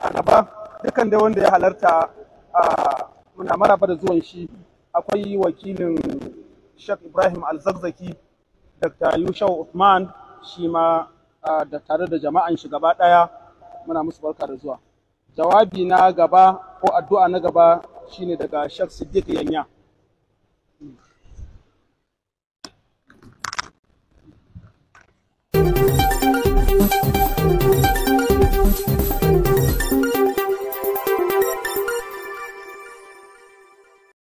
a gaba dukkan dai wanda ya halarta muna maraba da zuwan shi akwai wakilin Sheikh Ibrahim alzazzaki Dr. Yushau Uthman shi ma da tare da jama'an shi gaba ɗaya muna musu barka da zuwa jawabi na gaba ko addu'a na gaba shine daga Sheikh Siddiq Yanya Thank